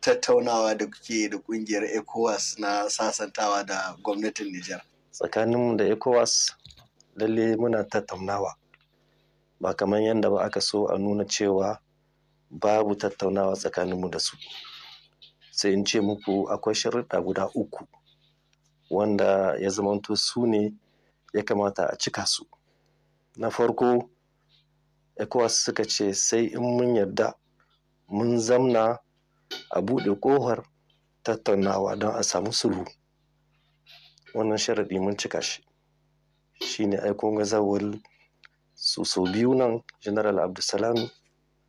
tattaunawa da kuke da kungiyar ECOWAS na sasantawa da gwamnatin Nijar? Tsakaninmu da ECOWAS lalle muna tattaunawa. Ba kamar yadda ba aka so a nuna cewa babu tattaunawa tsakaninmu da su. Sai in ce muku akwai sharuɗa guda uku wanda ya zamanto su ne ya kamata a cika su. Na farko, ECOWAS suka ce sai in mun yarda mun zamna a buɗe ƙofar tattaunawa don a samu sulhu wannan sharaɗi mun cika shi shine ga gazawar su sau biyu nan general Abdulsalam,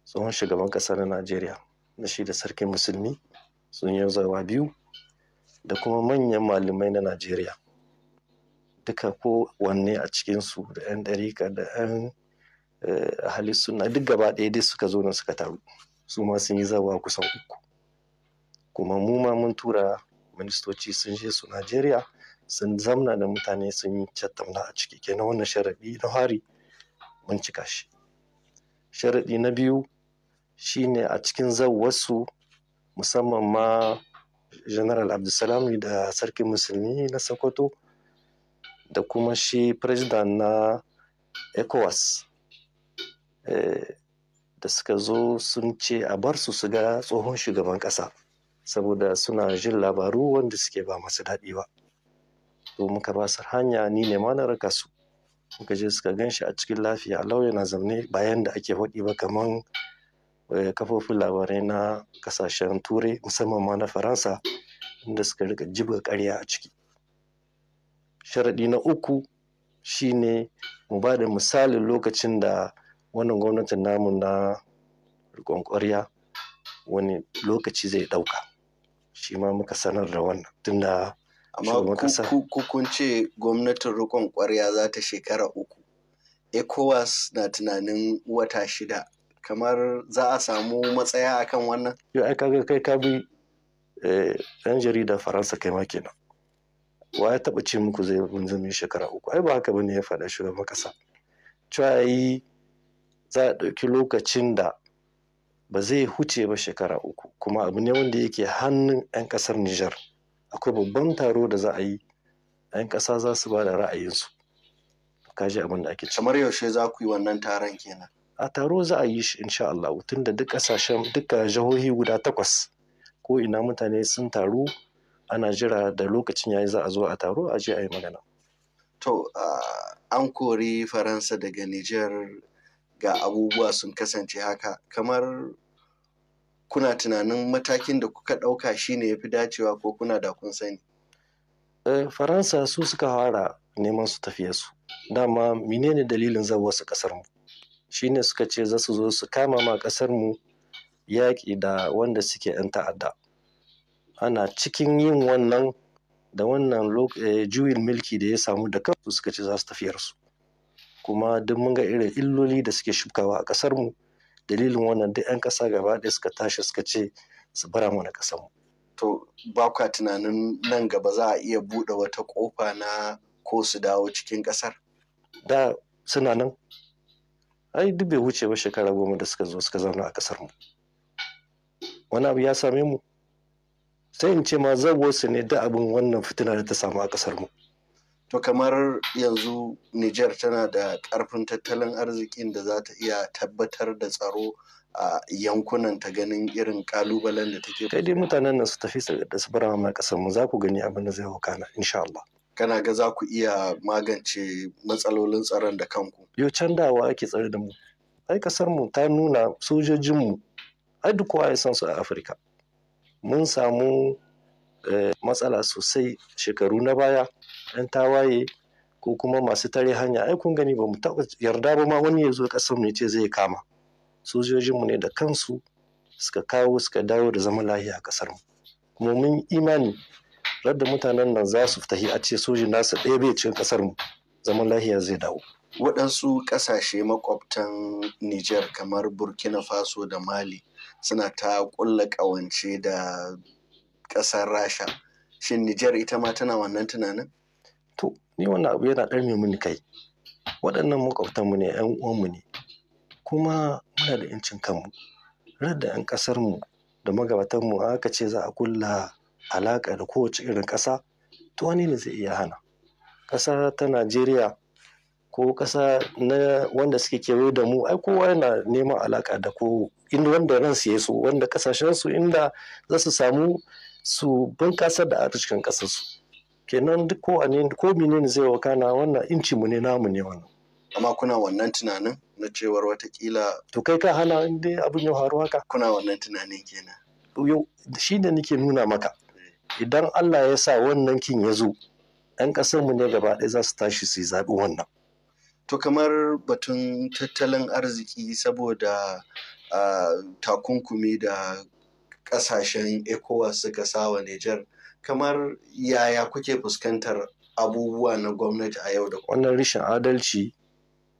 tsohon shugaban ƙasa na najeriya na shi da sarkin musulmi sun yi zawa biyu da kuma manyan malamai na najeriya duka ko wanne a cikinsu da 'yan ɗarika da 'yan halittu eh, na duk gaba ɗaya dai suka zo na suka taru su ma sun yi zawa kusan uku kuma mu ma mun tura ministoci sun je su najeriya sun zamna da mutane sun yi tattauna a ciki kenan wannan sharaɗi na hari mun cika shi sharaɗi na biyu shine a cikin wasu musamman ma general abdulsalami da sarkin musulmi na sokoto da kuma shi president na ecowas eh, da suka zo sun ce a bar su su ga tsohon shugaban ƙasa saboda suna jin labaru wanda suke ba masu daɗi ba to muka ba su hanya ni ne ma na raka su muka je suka gan shi a cikin lafiya lauya na zaune bayan da ake faɗi ba kaman eh, kafofin labarai na kasashen turai musamman ma na faransa inda suka rika jibga karya a ciki sharaɗi na uku shine mu ba da misalin lokacin da wannan gwamnatin namu na riƙon wani lokaci zai ɗauka shi ma muka sanar da wannan tun da shugaban tunda amma kun ce gwamnatin rikon kwarya za ta shekara uku ecowas na tunanin wata shida kamar za a samu matsaya akan wannan yau ai kaga kai ka bi yan eh, jarida faransa kai ma kenan wa ya taba ce muku zai mun zama shekara uku ai ba haka ba ne ya faɗa shugaban kasa cewa yi za a ɗauki lokacin da ba zai huce ba shekara uku kuma abu ne wanda yake hannun 'yan kasar Nijar akwai babban taro da za a yi 'yan kasa za su ba da ra'ayinsu kaji abin da ci. kamar yaushe za ku yi wannan taron kenan a taro za a yi shi insha Allah da duk kasashen duka jihohi guda takwas ko ina mutane sun taru ana jira da lokacin yayi za a zo a taro a je a yi magana to an kori faransa daga Nijar ga abubuwa sun kasance haka kamar kuna tunanin matakin da kuka ɗauka shine ya fi dacewa ko kuna da kun sani eh, faransa su suka fara neman su tafiya su dama menene dalilin zan wasu ƙasar mu ne suka ce za su zo su kama ma ƙasar mu yaƙi da wanda suke 'yan ta'adda ana cikin yin wannan da wannan eh, juyin mulki da ya samu da kansu suka ce za su tafiyar kuma duk mun ga irin illoli da suke shukawa a ƙasar mu dalilin wannan duk 'yan ƙasa gaba ɗaya suka tashi suka ce su bara na ƙasar mu to ba kwa tunanin nan gaba za a iya buɗe wata ƙofa na ko su dawo cikin ƙasar da suna nan ai duk bai wuce ba shekara goma da suka zo suka zauna a ƙasar mu wani abu ya same mu sai in ce ma zago su ne da abin wannan fitina da ta samu a ƙasar mu to kamar yanzu niger tana da karfin tattalin arzikin da za ta iya tabbatar da tsaro a yankunan ta ganin irin kalubalen da take kai dai mutanen nan su tafi da su bar ma kasar mu za ku gani abin da zai hau kana insha Allah kana ga za ku iya magance matsalolin tsaron da kanku yo can dawa ake tsare da mu ai kasar mu ta nuna sojojin mu ai duk kowa ya san su a Afirka mun samu eh, matsala sosai shekaru na baya 'yan tawaye ko kuma masu tare hanya ai kun gani ba mu taɓa yarda ba ma wani ya zo ƙasar mu ce zai kama sojojinmu ne da kansu suka kawo suka dawo da zaman lahiya a ƙasar mu kuma mun imani radda mutanen nan za su fita a ce sojin nasu ɗaya bai cikin ƙasar mu zaman lahiya zai dawo waɗansu ƙasashe makwabtan Nijar kamar Burkina Faso da Mali suna ta ƙulla ƙawance da ƙasar Rasha. Shin Nijar ita ma tana wannan tunanin? to ni wannan abu yana ɗarme mini kai waɗannan mu ne ‘yan uwanmu ne kuma muna da ‘yancin kanmu rar da ‘yan ƙasarmu da magabatanmu aka ce za a kulla alaƙa da kowace irin ƙasa to wani ne zai iya hana ƙasa ta najeriya ko ƙasa na wanda suke kewaye da mu ai kowa yana neman alaƙa da ko inda wanda ransu ya so wanda ƙasashensu inda za su samu su bunƙasar da arzikin ƙasarsu kenan duk ko ne ko menene zai wakana wannan inci mu ne namu ne wannan amma kuna wannan tunanin na cewar watakila to kai ka hana in abin ya faru haka kuna wannan tunanin kenan yau shi da nake nuna maka idan Allah ya sa wannan kin ya zo ɗan ƙasar mu ne gaba ɗaya za su tashi su zaɓi wannan to kamar batun tattalin arziki saboda ah, takunkumi da ƙasashen ECOWAS suka sawa wa Nijar kamar yaya kuke fuskantar abubuwa na gwamnati a yau da wannan rishin adalci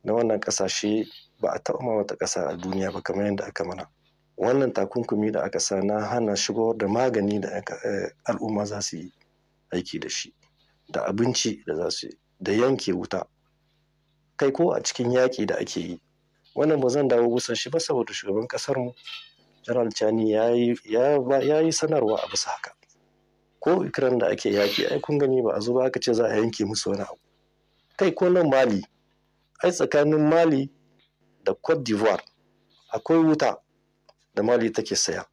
na wannan kasashe ba a taɓa ma wata ƙasa a duniya ba kamar yadda aka mana wannan takunkumi da aka sa na hana shigo da magani da eh, al'umma za su yi aiki da shi da abinci da za su yi da yanke wuta kai ko a cikin yaƙi da ake yi wannan ba zan dawo gusan shi ba saboda shugaban ƙasarmu general cani ya yi sanarwa a bisa haka ko ukraine da ake yaki ai kun gani ba a zo ba aka ce za a yanke musu wani abu kai ko nan mali ai tsakanin mali da cote d'ivoire akwai wuta da mali take saya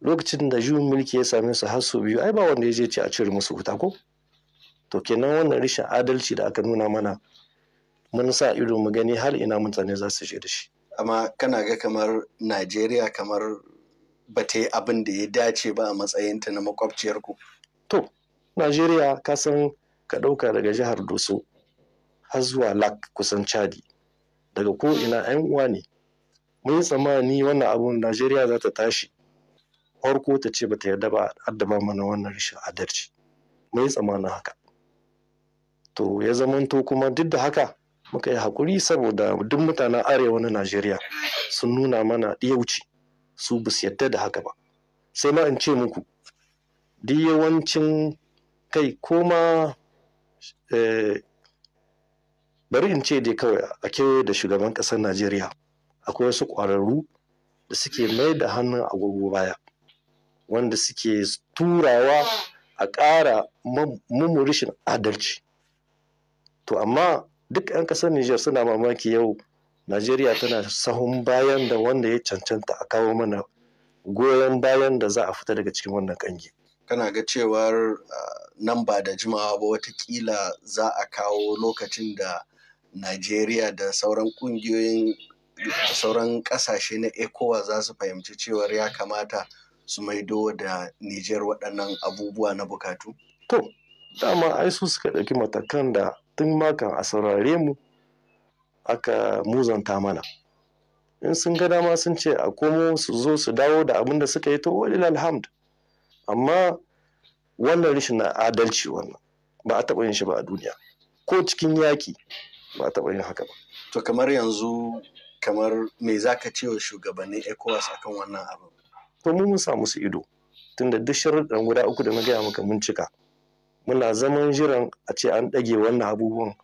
lokacin da juyin mulki ya same su har biyu ai ba wanda ya je ce a cire musu wuta ko to kenan wannan rashin adalci da aka nuna mana mun sa ido mu gani har ina mutane za su je da shi amma kana ga kamar najeriya kamar ba ta yi abin da ya dace ba a matsayinta na makwabciyarku? To, Najeriya ka san ka ɗauka daga jihar Doso har zuwa Lak kusan Chadi. Daga ko ina 'yan uwa ne. Mun yi tsammani wannan abun Najeriya za ta tashi. Farko ta ce ba ta yarda ba addaba mana wannan rashin adalci. Mun yi tsammanin haka. To ya zamanto kuma duk da haka muka yi haƙuri saboda duk mutanen arewa na Najeriya sun nuna mana ɗiyauci. su ba yadda da haka ba sai ma in ce muku duk yawancin kai ko ma eh, bari in ce dai kawai a kewaye da shugaban ƙasar najeriya akwai wasu ƙwararru da suke mai da hannun agogo baya wanda suke turawa a ƙara mummurishin adalci to amma duk 'yan ƙasar niger suna mamaki yau najeriya tana sahun bayan da wanda ya cancanta a kawo mana goyon bayan da za a fita daga cikin wannan kangi kana ga cewar nan ba da jimawa ba watakila za a kawo lokacin da najeriya da sauran kungiyoyin sauran kasashe na ecowa za su fahimci cewar ya kamata su maido da nijar waɗannan abubuwa na bukatu to dama ai su suka ɗauki matakan da tun makan a saurare mu aka muzanta mana in sun ga dama sun ce a komo su zo su dawo da abin da suka yi to wani alhamd amma wannan rashin na adalci wannan ba a taɓa yin shi ba a duniya ko cikin yaƙi ba a taɓa yin haka ba to kamar yanzu kamar me za ka ce wa shugabannin ecowas akan wannan abin to mu mun samu su ido tunda duk sharuɗan guda uku da na gaya maka mun cika muna zaman jiran a ce an ɗage wannan abubuwan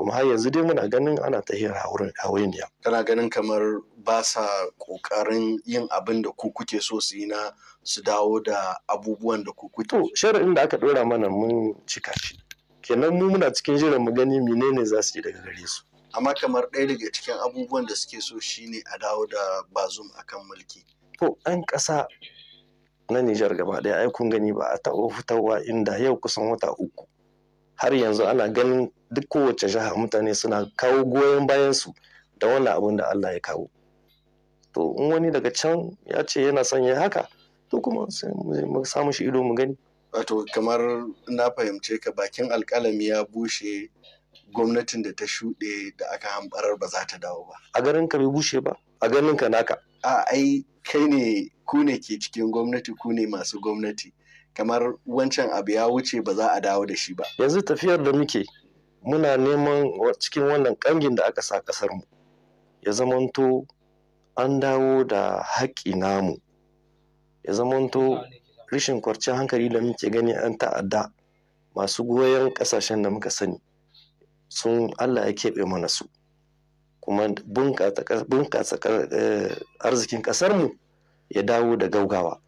kuma har yanzu dai muna ganin ana ta hira wurin hawainiya. kana ganin kamar ba sa ƙoƙarin yin abin da ku kuke so su yi na su dawo da abubuwan da ku kuke to sharaɗin da aka ɗora mana mun cika shi kenan mu muna cikin jiran mu gani menene za su yi daga gare su amma kamar ɗaya daga cikin abubuwan da suke so shine a dawo da bazum akan mulki to ɗan ƙasa na Nijar gaba ɗaya ai kun gani ba a taɓa fitarwa inda yau kusan wata uku har yanzu ana ganin duk kowace jiha mutane suna kawo goyon bayansu da wannan abin da Allah ya kawo to in wani daga can ya ce yana son ya haka to kuma sai mu samu shi ido mu gani wato kamar na fahimce ka bakin alƙalami ya bushe gwamnatin da ta shuɗe da aka hambarar ba za ta dawo ba a garin ka bai bushe ba a ganin ka naka a ai kai ne ku ne ke cikin gwamnati ku ne masu gwamnati kamar wancan abu ya wuce ba za a dawo da shi ba yanzu tafiyar da muke muna neman cikin wannan kangin da aka sa kasar mu ya zamanto an dawo da haƙƙi namu ya zamanto rashin kwarcin hankali da muke gani an ta'adda masu goyon ƙasashen da muka sani sun allah ya keɓe mana su kuma bunƙasa eh, arzikin ƙasarmu ya dawo da gaugawa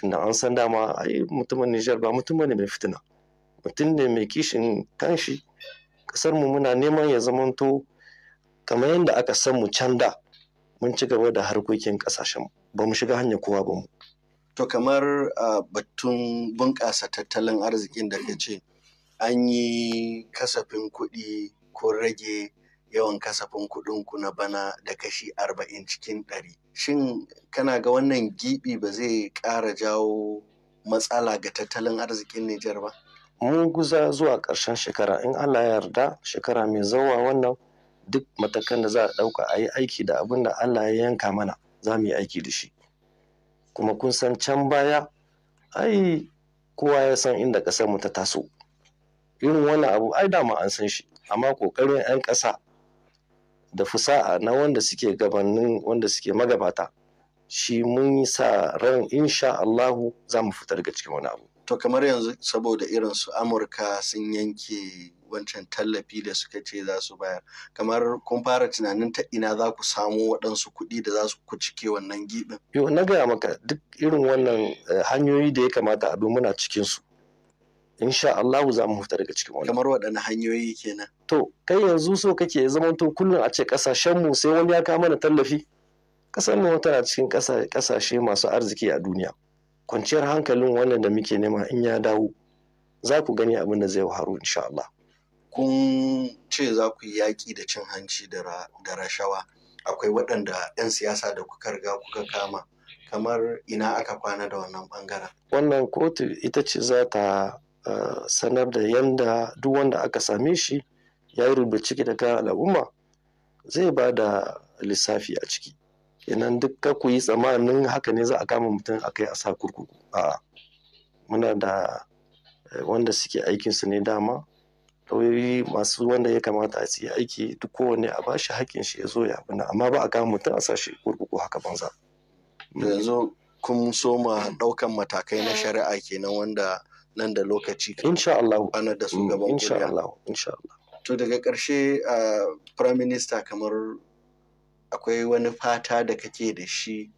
tunda an san dama ai mutumin Nijar ba mutum ne mai fitina mutum ne mai kishin kanshi kasar mu muna neman ya zamanto kamar yadda aka san mu can da mun ci gaba da harkokin kasashen ba mu shiga hanya kowa ba mu to kamar batun bunƙasa tattalin arzikin da ke ce an yi kasafin kuɗi ko rage yawan kasafin kuɗin ku na bana da kashi arba'in cikin ɗari shin kana ga wannan giɓi ba zai ƙara jawo matsala ga tattalin arzikin Nijar ba? Mun guza zuwa ƙarshen shekara in Allah ya yarda shekara mai zawa wannan duk matakan da za a ɗauka a yi aiki da abin da Allah ya yanka mana za mu yi aiki da shi. Kuma kun san can baya ai kowa ya san inda ƙasar mu ta taso. Irin wannan abu ai dama an san shi amma ƙoƙarin 'yan ƙasa da fusa'a na wanda suke gabanin wanda suke magabata shi mun yi sa ran insha Allahu za mu fitar ga cikin wani abu. To kamar yanzu saboda irin su Amurka sun yanke wancan tallafi da suka ce za su bayar kamar kun fara tunanin ta ina za ku samo waɗansu kuɗi da za su ku cike wannan giɓin. Yo na gaya maka duk irin wannan eh, hanyoyi da ya kamata a muna cikin su insha Allah za mu huta daga cikin wannan kamar waɗanne hanyoyi kenan to kai yanzu so kake ya zama to kullum a ce kasashen mu sai wani ya kawo mana tallafi kasar mu tana cikin kasashe masu arziki a duniya kwanciyar hankalin wannan da muke nema in ya dawo za ku gani abin da zai faru insha Allah kun ce za ku yi yaƙi da cin hanci da rashawa akwai waɗanda 'yan siyasa da kuka riga kuka kama kamar ina aka kwana da wannan bangaren wannan kotu ita ce za ta sanar da yanda duk wanda aka same shi ya yi rubuta da kan al'umma zai ba da lissafi a ciki idan duk ka ku yi tsammanin haka ne za a kama mutum a kai a sa kurkuku a muna da eh, wanda suke aikin su ne dama lauyoyi masu wanda ya kamata a yi aiki duk kowane a bashi hakkin shi ya zo ya abin amma ba a kama mutum a sa shi kurkuku haka banza yanzu kun soma ɗaukan matakai na shari'a kenan wanda nan da lokaci kan insha Allah ana da su mm, gaban insha Allah insha Allah to daga ƙarshe prime minister kamar akwai wani fata da kake da shi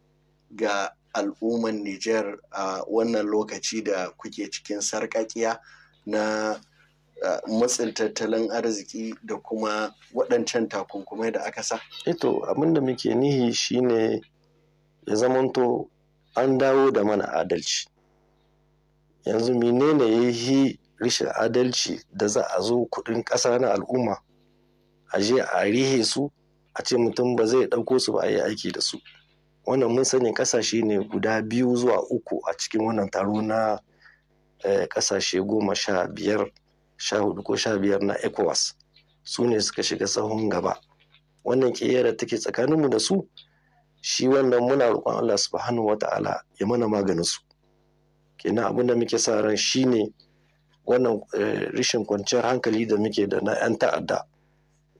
ga al'umman Nijar a wannan lokaci da kuke cikin sarƙaƙiya na matsin tattalin arziki da kuma waɗancan takunkumai da aka sa? Eh abin da muke nihi shine ya zamanto an dawo da mana adalci. yanzu menene ya yi rashin adalci da za a zo kudin ƙasa na al'umma a je a rihe su a ce mutum ba zai ɗauko su ba a yi aiki da su wannan mun sani kasashe ne guda biyu zuwa uku a cikin wannan taro na eh, ƙasashe goma sha biyar sha hudu ko sha biyar na ecowas su ne suka shiga sahun gaba wannan ƙiyayya take tsakaninmu da su shi wannan muna roƙon allah subhanahu wa ta'ala ya mana maganin su kenan abin da muke sa ran shine wannan eh, rashin kwanciyar hankali da muke da na 'yan ta'adda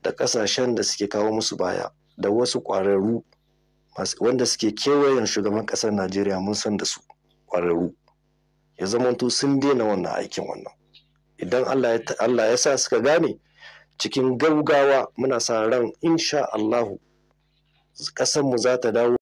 da kasashen da suke kawo musu baya da wasu kwararru wanda suke kewayen shugaban kasar najeriya mun san da su ƙwararru ya zamanto sun daina wannan aikin wannan idan allah ya sa suka gane cikin gaugawa muna sa ran insha allahu ƙasarmu za ta dawo